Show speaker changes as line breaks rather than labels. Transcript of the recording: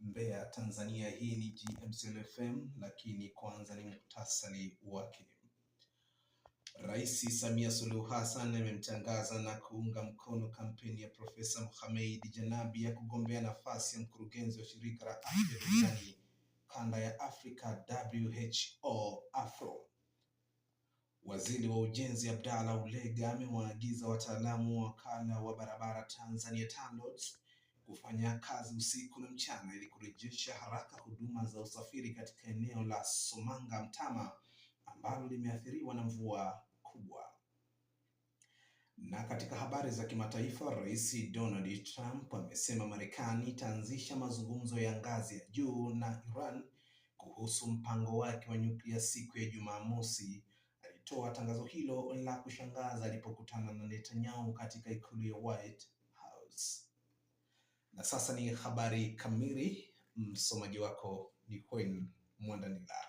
Mbeya, Tanzania. Hii ni GMCL FM, lakini kwanza ni muhtasari wake. Rais Samia Suluhu Hassan amemtangaza na kuunga mkono kampeni ya Profesa Mohamed Janabi ya kugombea nafasi ya mkurugenzi wa shirika la afya duniani kanda ya Afrika WHO Afro. Waziri wa Ujenzi Abdalla Ulega amewaagiza wataalamu wa wakala wa barabara Tanzania TANROADS kufanya kazi usiku na mchana ili kurejesha haraka huduma za usafiri katika eneo la Somanga Mtama ambalo limeathiriwa na mvua kubwa. Na katika habari za kimataifa, Rais Donald Trump amesema Marekani itaanzisha mazungumzo ya ngazi ya juu na Iran kuhusu mpango wake wa nyuklia siku ya Jumamosi. Alitoa tangazo hilo la kushangaza alipokutana na Netanyahu katika ikulu ya White House. Na sasa ni habari kamili, msomaji wako ni Queen Mwandandila.